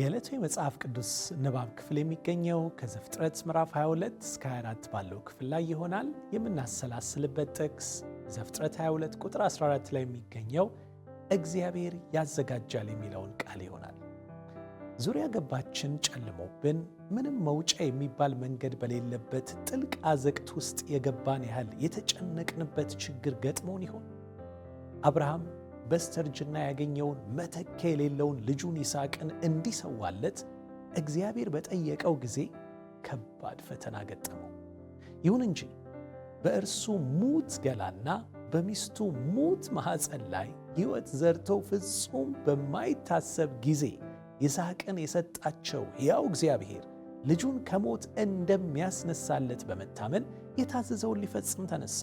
የዕለቱ የመጽሐፍ ቅዱስ ንባብ ክፍል የሚገኘው ከዘፍጥረት ምዕራፍ 22 እስከ 24 ባለው ክፍል ላይ ይሆናል። የምናሰላስልበት ጥቅስ ዘፍጥረት 22 ቁጥር 14 ላይ የሚገኘው እግዚአብሔር ያዘጋጃል የሚለውን ቃል ይሆናል። ዙሪያ ገባችን ጨልሞብን ምንም መውጫ የሚባል መንገድ በሌለበት ጥልቅ አዘቅት ውስጥ የገባን ያህል የተጨነቅንበት ችግር ገጥሞን ይሆን? አብርሃም በስተርጅና ያገኘውን መተኪያ የሌለውን ልጁን ይስሐቅን እንዲሰዋለት እግዚአብሔር በጠየቀው ጊዜ ከባድ ፈተና ገጠመው። ይሁን እንጂ በእርሱ ሙት ገላና በሚስቱ ሙት ማኅፀን ላይ ሕይወት ዘርተው ፍጹም በማይታሰብ ጊዜ ይስሐቅን የሰጣቸው ሕያው እግዚአብሔር ልጁን ከሞት እንደሚያስነሳለት በመታመን የታዘዘውን ሊፈጽም ተነሳ።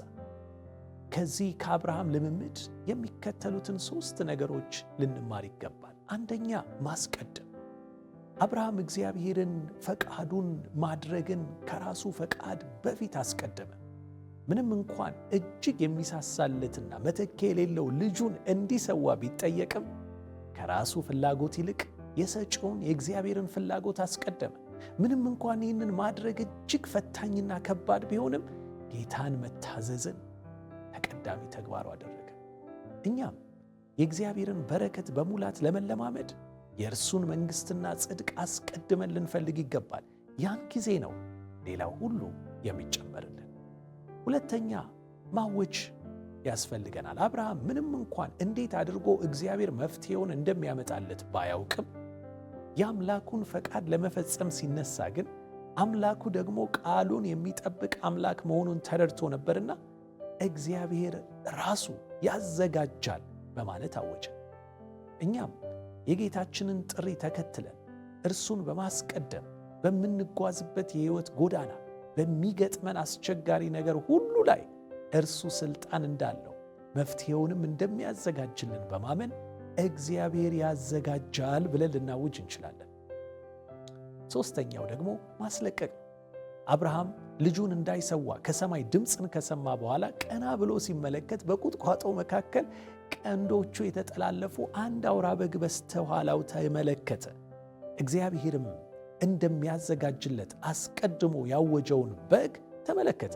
ከዚህ ከአብርሃም ልምምድ የሚከተሉትን ሦስት ነገሮች ልንማር ይገባል። አንደኛ ማስቀደም። አብርሃም እግዚአብሔርን ፈቃዱን ማድረግን ከራሱ ፈቃድ በፊት አስቀደመ። ምንም እንኳን እጅግ የሚሳሳለትና መተኪያ የሌለው ልጁን እንዲሰዋ ቢጠየቅም ከራሱ ፍላጎት ይልቅ የሰጪውን የእግዚአብሔርን ፍላጎት አስቀደመ። ምንም እንኳን ይህንን ማድረግ እጅግ ፈታኝና ከባድ ቢሆንም ጌታን መታዘዝን ተቀዳሚ ተግባሩ አደረገ። እኛም የእግዚአብሔርን በረከት በሙላት ለመለማመድ የእርሱን መንግሥትና ጽድቅ አስቀድመን ልንፈልግ ይገባል። ያን ጊዜ ነው ሌላው ሁሉ የሚጨመርልን። ሁለተኛ ማወች ያስፈልገናል። አብርሃም ምንም እንኳን እንዴት አድርጎ እግዚአብሔር መፍትሔውን እንደሚያመጣለት ባያውቅም የአምላኩን ፈቃድ ለመፈጸም ሲነሳ ግን አምላኩ ደግሞ ቃሉን የሚጠብቅ አምላክ መሆኑን ተረድቶ ነበርና እግዚአብሔር ራሱ ያዘጋጃል በማለት አወጀ። እኛም የጌታችንን ጥሪ ተከትለን እርሱን በማስቀደም በምንጓዝበት የሕይወት ጎዳና በሚገጥመን አስቸጋሪ ነገር ሁሉ ላይ እርሱ ሥልጣን እንዳለው መፍትሔውንም እንደሚያዘጋጅልን በማመን እግዚአብሔር ያዘጋጃል ብለን ልናውጅ እንችላለን። ሦስተኛው ደግሞ ማስለቀቅ አብርሃም ልጁን እንዳይሰዋ ከሰማይ ድምፅን ከሰማ በኋላ ቀና ብሎ ሲመለከት በቁጥቋጦ መካከል ቀንዶቹ የተጠላለፉ አንድ አውራ በግ በስተኋላው ተመለከተ። እግዚአብሔርም እንደሚያዘጋጅለት አስቀድሞ ያወጀውን በግ ተመለከተ።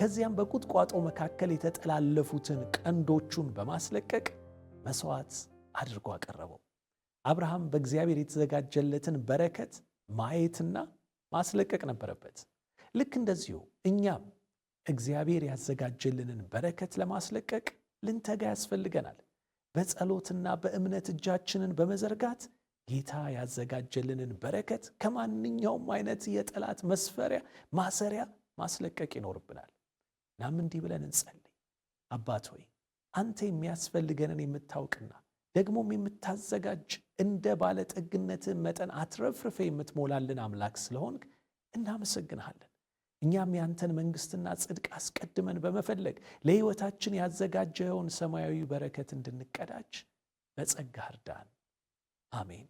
ከዚያም በቁጥቋጦ መካከል የተጠላለፉትን ቀንዶቹን በማስለቀቅ መሥዋዕት አድርጎ አቀረበው። አብርሃም በእግዚአብሔር የተዘጋጀለትን በረከት ማየትና ማስለቀቅ ነበረበት። ልክ እንደዚሁ እኛም እግዚአብሔር ያዘጋጀልንን በረከት ለማስለቀቅ ልንተጋ ያስፈልገናል። በጸሎትና በእምነት እጃችንን በመዘርጋት ጌታ ያዘጋጀልንን በረከት ከማንኛውም አይነት የጠላት መስፈሪያ ማሰሪያ ማስለቀቅ ይኖርብናል። እናም እንዲህ ብለን እንጸልይ። አባት ሆይ አንተ የሚያስፈልገንን የምታውቅና ደግሞም የምታዘጋጅ እንደ ባለጠግነትህ መጠን አትረፍርፌ የምትሞላልን አምላክ ስለሆንክ እናመሰግንሃለን። እኛም ያንተን መንግስትና ጽድቅ አስቀድመን በመፈለግ ለሕይወታችን ያዘጋጀውን ሰማያዊ በረከት እንድንቀዳጅ በጸጋ እርዳን። አሜን።